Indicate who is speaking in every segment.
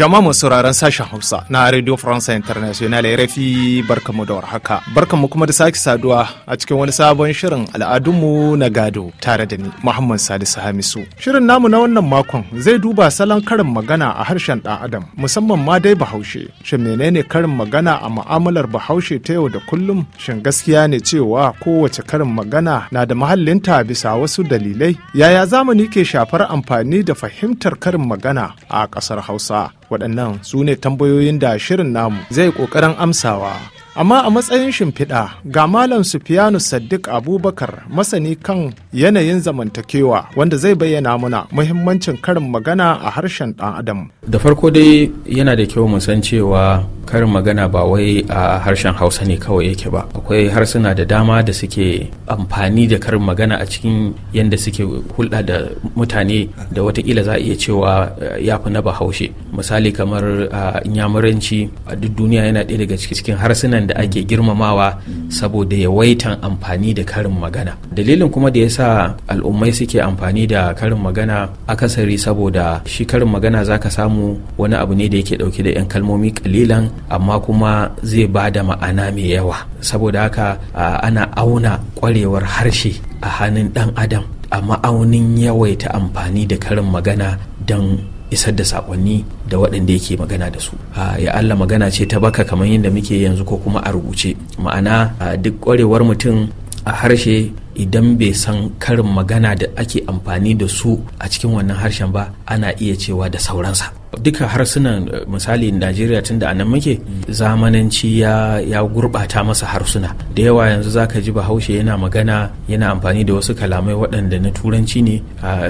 Speaker 1: Jama'a masu sauraron sashen Hausa na Radio France International RFI barkamu da warhaka. Barkamu kuma da sake saduwa a cikin wani sabon shirin al'adunmu na gado tare da ni Muhammad Salisu Hamisu. Shirin namu na wannan makon zai duba salon karin magana a harshen ɗan Adam musamman ma dai Bahaushe. Shin menene karin magana a mu'amalar Bahaushe ta yau da kullum? Shin gaskiya ne cewa kowace karin magana na da mahallinta bisa wasu dalilai? Yaya zamani ke shafar amfani da fahimtar karin magana a ƙasar Hausa? waɗannan su ne tambayoyin da shirin namu zai ƙoƙarin amsawa amma a matsayin shimfiɗa ga malam sufiyanu sadiq abubakar masani kan yanayin zamantakewa wanda zai bayyana muna muhimmancin karin magana a harshen ɗan adam
Speaker 2: da farko dai yana da kyau san cewa karin magana ba wai a harshen hausa ne kawai yake ba akwai harsuna da dama da suke amfani da karin magana a cikin yadda suke hulɗa da mutane da watakila za a iya cewa eh, ya fi na bahaushe misali kamar ah, a duk duniya yana ɗaya daga cikin harsuna mutanen da ake girmamawa saboda yawaitan amfani da karin magana dalilin kuma da yasa al'ummai suke amfani da karin magana akasari saboda shi karin magana zaka samu wani abu ne da yake dauke da 'yan kalmomi kalilan amma kuma zai ba da ma'ana mai yawa saboda haka ana auna kwarewar harshe a hannun dan adam a ma'aunin yawaita amfani da karin magana don isar da sakonni da waɗanda yake magana da su ya Allah magana ce ta baka kamar yadda muke yanzu ko kuma a rubuce ma'ana duk ƙwarewar mutum a harshe idan bai san karin magana da ake amfani da su a cikin wannan harshen ba ana iya cewa da sauransa duka harsunan eh, misali najeriya tun da anan muke zamananci ya ya gurbata masa harsuna da yawa yanzu zaka ji bahaushe yana magana yana amfani da wasu kalamai waɗanda na turanci ne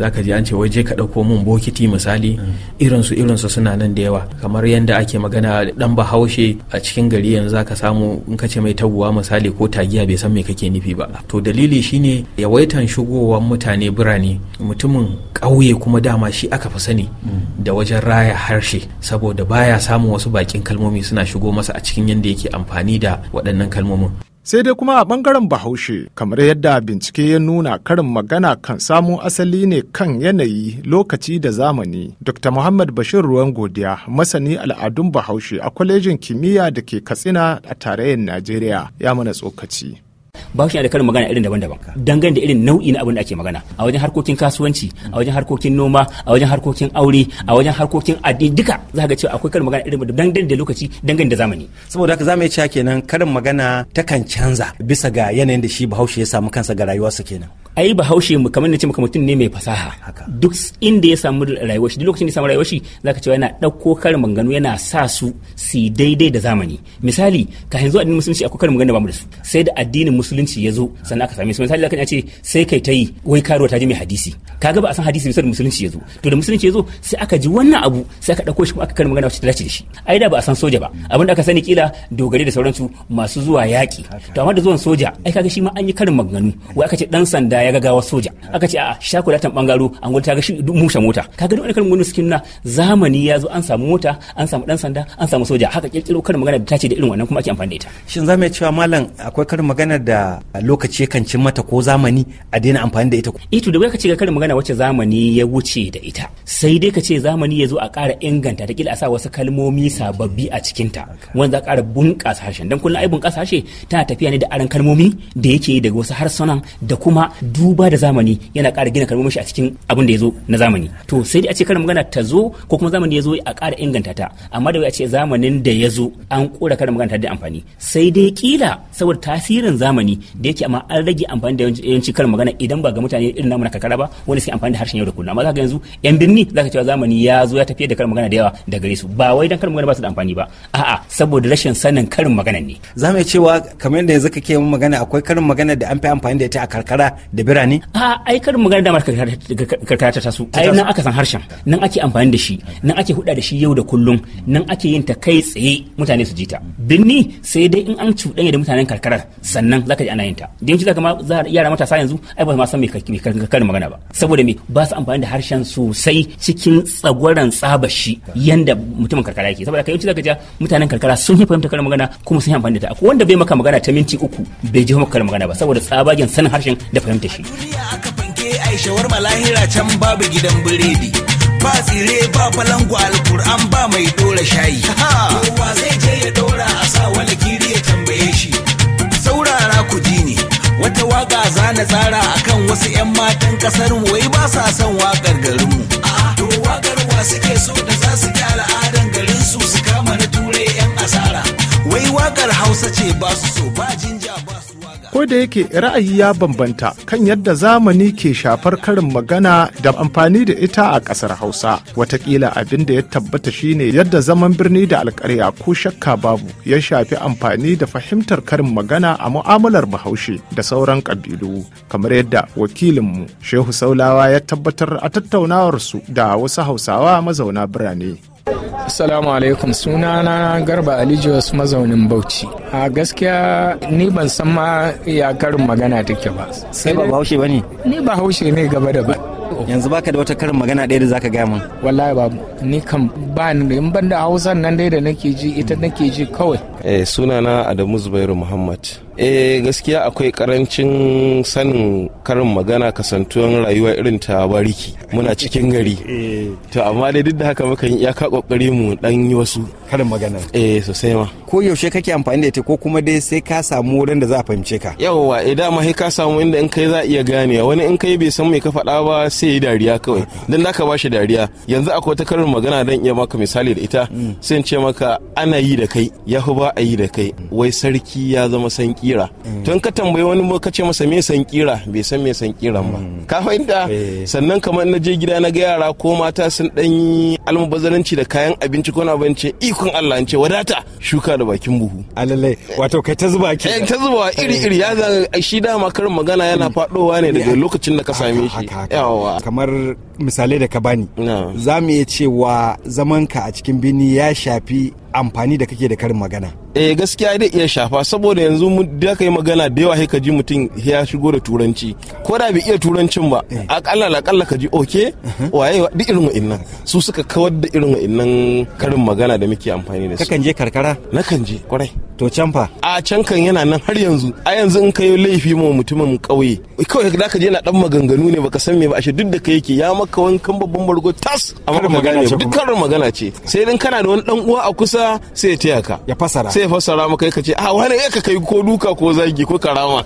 Speaker 2: zaka ji an ce waje ka ɗauko mun bokiti misali mm. irinsu irinsu suna nan da yawa kamar yadda ake magana ɗan bahaushe a cikin gari yanzu zaka samu in ka ce mai taguwa misali ko tagiya bai san me kake nufi ba to dalili shine yawaitan shigowar mutane birane mutumin ƙauye kuma dama shi aka fi sani mm. da wajen raya harshe saboda baya samun wasu bakin kalmomi suna shigo masa a
Speaker 1: cikin yadda yake amfani da waɗannan kalmomin sai dai kuma a ɓangaren bahaushe kamar yadda bincike ya nuna karin magana kan samo asali ne kan yanayi lokaci da zamani dr muhammad bashir ruwan godiya masani al'adun bahaushe a kwalejin kimiyya da ke katsina a tarayyar najeriya ya mana tsokaci ba shi da karin magana irin daban-daban
Speaker 3: dangane da irin nau'i na abin da ake magana a wajen harkokin kasuwanci a wajen harkokin noma a wajen harkokin aure a wajen harkokin addini duka za ga cewa akwai karin magana irin dangane da lokaci dangane da zamani saboda haka zamu iya cewa kenan karin magana takan canza bisa ga yanayin da shi bahaushe ya samu kansa ga rayuwarsa kenan ai bahaushe mu kamar ce maka mutum ne mai fasaha duk inda ya samu rayuwar shi duk lokacin da ya samu rayuwar shi zaka cewa yana dauko karin maganganu yana sa su su daidai da zamani misali ka yanzu addinin musulunci akwai karin maganganu ba mu da su sai da addinin musulunci ya zo sannan aka same su misali zaka ce sai kai ta yi wai karuwa ta je mai hadisi kaga ba a san hadisi misali musulunci ya zo to da musulunci ya zo sai aka ji wannan abu sai aka dauko shi kuma aka karin magana ta dace da shi ai da ba a san soja ba abin da aka sani kila dogare da sauransu masu zuwa yaki to amma da zuwan soja ai kaga shi ma an yi karin maganganu wai aka ce dan sanda ya ga gawa soja aka ce a sha kudatan bangaro an gudu ta ga shi mushe mota ka ga wani kalmar sukin na zamani ya zo an samu mota an samu dan sanda an samu soja haka kirkiro karin magana da ta ce da irin wannan kuma ake amfani da ita shin za mu cewa malam akwai karin magana da lokaci kan cin mata ko zamani a daina amfani da ita ito eh da ka ce ga karin magana wacce zamani ya wuce da ita sai dai ka ce zamani ya zo a ƙara inganta da kila a sa wasu kalmomi sababbi a cikinta wanda za a ƙara bunƙasa harshen dan kullum ai bunƙasa harshe tana tafiya ne da aran kalmomi da yake da wasu harsunan da kuma duba da zamani yana ƙara gina kalmomi shi a cikin abin da ya zo na zamani to sai dai a ce karin magana ta zo ko kuma zamani ya zo a ƙara inganta ta amma da a ce zamanin da ya zo an ƙura karin magana ta da amfani sai dai kila saboda tasirin zamani da yake amma an rage amfani da yawanci karin magana idan ba ga mutane irin namu na kakara ba wani suke amfani da harshen yau da kullum amma zaka yanzu yan birni zaka cewa zamani ya zo ya tafi da karin magana da yawa da gare su ba wai dan karin magana ba su da amfani ba a'a saboda rashin sanin karin magana ne zamu iya cewa kamar yadda yanzu kake magana akwai karin magana da an fi amfani da ita a karkara da da birane a ai kar magana damar karkara ta taso ai nan aka san harshen nan ake amfani da shi nan ake huda da shi yau da kullum nan ake yin ta kai tsaye mutane su ji ta binni sai dai in an cuɗanya da mutanen karkara sannan za ka ji ana yin ta da yanzu za ka ma yara matasa yanzu ai ba ma san me karkar magana ba saboda me ba su amfani da harshen sosai cikin tsagwaran tsaba shi yanda mutumin karkara yake saboda kai yanzu za ka ji mutanen karkara sun yi fahimta karin magana kuma sun yi amfani da ta akwai wanda bai maka magana ta minti uku bai ji maka karin magana ba saboda tsabagen sanin harshen da fahimta shi duniya aka
Speaker 4: fanke ai shawarma lahira can babu gidan biredi ba tsire ba falangu alkur'an ba mai dora shayi kowa zai je ya dora a sa wani kiri ya tambaye shi saurara ku ji ne wata waka zana tsara akan wasu 'yan matan ƙasar mu wai ba sa son wakar garinmu to wakar wa suke so da za su ga al'adan garin su su kama na turai 'yan asara wai wakar hausa ce ba su so ba ji
Speaker 1: da yake ra'ayi ya bambanta kan yadda zamani ke shafar karin magana da amfani da ita a ƙasar hausa watakila abin da ya tabbata shine yadda zaman birni da alƙarya ko shakka babu ya shafi amfani da fahimtar karin magana a mu'amalar bahaushe da sauran ƙabilu kamar yadda wakilinmu shehu saulawa ya tabbatar a tattaunawarsu da wasu hausawa mazauna birane Assalamu alaikum sunana Garba Alijos mazaunin Bauchi. A gaskiya ni ban san ma ya karin magana take ba.
Speaker 2: Sai ba ba bane? Ni ba haushe ne gaba da ba. yanzu baka da wata karin magana ɗaya da zaka gaya min
Speaker 5: wallahi babu ni kan ba ni da in ban da hausa nan dai da nake ji ita nake ji kawai
Speaker 4: eh sunana Adamu Zubairu Muhammad eh gaskiya akwai karancin sanin karin magana kasantuwan rayuwa irin ta bariki muna cikin gari eh. to amma dai duk da haka muka yi iyaka kokari mu dan yi wasu karin magana eh sosai ma
Speaker 2: ko yaushe kake amfani da ita ko kuma dai sai ka samu wurin da za a fahimce ka
Speaker 4: yawwa eh dama sai ka samu inda in kai za a iya gane wani in kai bai san mai ka faɗa ba sai yi dariya kawai dan zaka ba shi dariya yanzu akwai ta karin magana dan iya maka misali da ita mm. sai in ce maka ana yi da kai yafi ba a yi da kai mm. wai sarki ya zama sanki sankira mm. to in ka tambayi wani ka ce masa me sankira bai san me kiran ba mm. ka fahimta eh. sannan kamar na je gida na ga yara ko mata sun dan yi almubazaranci da kayan abinci ko na bance ikon Allah an ce wadata shuka da bakin buhu alalai wato kai ta zuba ki eh, ta zuba iri iri ya zan shi dama karin magana yana mm. fadowa ne daga lokacin da ka same shi yawa kamar misalai da ka bani za mu iya cewa zamanka a cikin bini ya shafi amfani da kake da karin magana eh gaskiya dai iya shafa saboda yanzu mu da kai magana da yawa ka ji mutum ya shigo da turanci ko da bai iya turancin ba eh. akalla akalla ka ji oke uh-huh. waye duk irin wa'annan su suka kawar da irin wa'annan karin magana da muke amfani da su kakan je karkara na kan je kwarai to can fa a can kan yana nan har yanzu a yanzu in kai laifi ma mutumin kauye kawai da ka je na dan maganganu ne baka san me ba ashe duk da kai yake ya maka wankan babban bargo tas amma magana ce duk karin magana ce sai dan kana da wani dan uwa a kusa duka sai ya taya ya fasara sai fasara maka ka ce a ah, wani kai ko duka ko zagi ko karama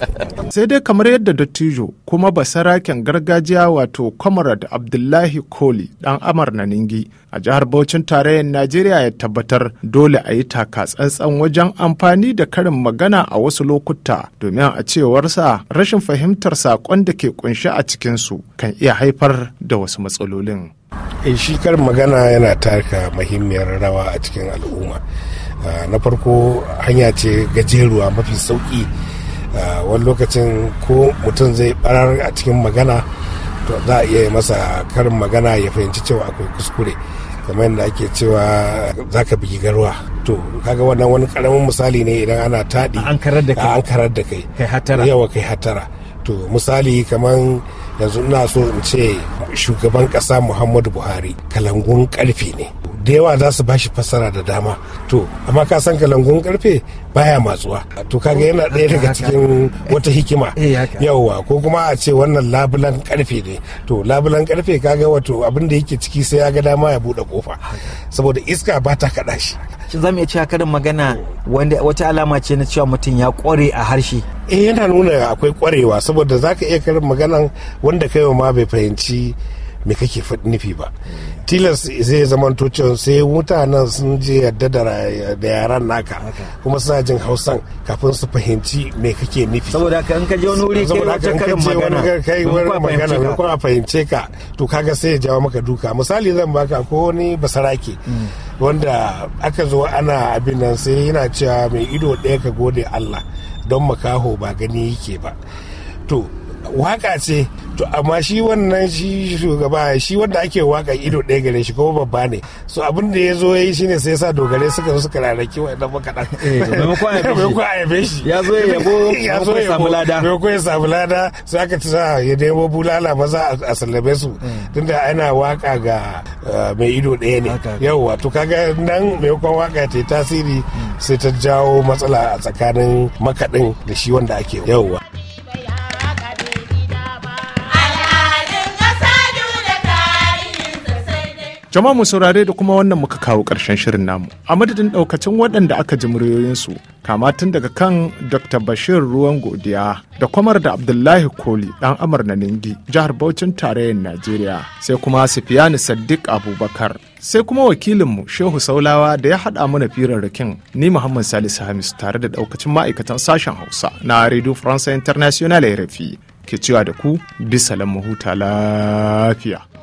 Speaker 1: sai dai kamar yadda dattijo kuma basaraken gargajiya wato comrade abdullahi koli dan amar na ningi a jihar Bauchin tarayyar Najeriya ya tabbatar dole a yi taka tsantsan wajen amfani da karin magana a wasu lokuta domin a cewar sa rashin fahimtar saƙon da ke kunshi a cikinsu kan iya haifar da wasu matsalolin.
Speaker 5: Eh, shi kar magana yana taka muhimmiyar rawa a cikin al'umma ah, na farko hanya ce gajeruwa mafi sauki ah, wani lokacin ko mutum zai barar a cikin magana to za a iya masa karin magana ya fahimci cewa akwai kuskure kamar yadda ake cewa za ka bigi garwa to kaga wannan wani karamin misali ne idan ana taɗi an karar da kai yawa ah, kai hatara to misali kamar yanzu ina so in ce shugaban ƙasa muhammadu buhari kalangun karfe ne da yawa za su bashi fassara da dama to amma ka san kalangun karfe baya matsuwa to kaga yana ɗaya daga cikin wata hikima eh, yawwa ko kuma a ce wannan labulan karfe ne to labulan karfe kaga wato abin da yake ciki sai ya ga dama ya buɗe kofa saboda iska ba ta kaɗa shi
Speaker 2: za mu iya cewa karin magana
Speaker 5: wanda wata alama ce na cewa mutum ya kware a harshe eh yana nuna akwai kwarewa saboda za ka iya karin magana wanda kai ma bai fahimci me kake nufi ba tilas zai zama tocin sai mutanen sun je yadda da yaran naka kuma suna jin hausan kafin su fahimci me kake nufi
Speaker 2: saboda
Speaker 4: ka in ka je wani wuri kai wata
Speaker 5: karin magana kai wani magana ka kuma fahimce ka to kaga sai ya jawo maka duka misali zan baka ko ni basarake mm. wanda aka zo ana abin nan sai yana cewa mai ido ɗaya ka gode allah don makaho ba gani yake ba to waka ce to amma shi wannan shi shugaba shi wanda ake waka ido ɗaya gare shi kuma babba ne so abin da ya zo ya yi shine sai sa dogare suka zo suka rarraki waɗannan makaɗan eh, maimakon a yabe shi ya zo ya yabo ya zo ya samu lada maimakon ya samu lada sai aka ci sa ya nemo bulala maza a sallabe su hmm. tunda ana waka ga eh, mai ido ɗaya ne yawwa to kaga nan maimakon waka ta yi tasiri hmm. sai ta jawo matsala a tsakanin makaɗin da shi wanda ake yawwa
Speaker 1: Jama'a mu saurare da kuma wannan muka kawo ƙarshen shirin namu. A madadin ɗaukacin waɗanda aka ji muryoyinsu, kama tun daga kan Dr. Bashir Ruwan Godiya da kwamar da Abdullahi Koli ɗan Amar na Ningi, jihar Bauchin tarayyar Najeriya, sai kuma Sufiyani Sadiq Abubakar, sai kuma wakilinmu Shehu Saulawa da ya haɗa mana firarrakin ni Muhammad Salisu Hamis tare da ɗaukacin ma'aikatan sashen Hausa na Radio France International RFI ke cewa da ku bisa lamma huta lafiya.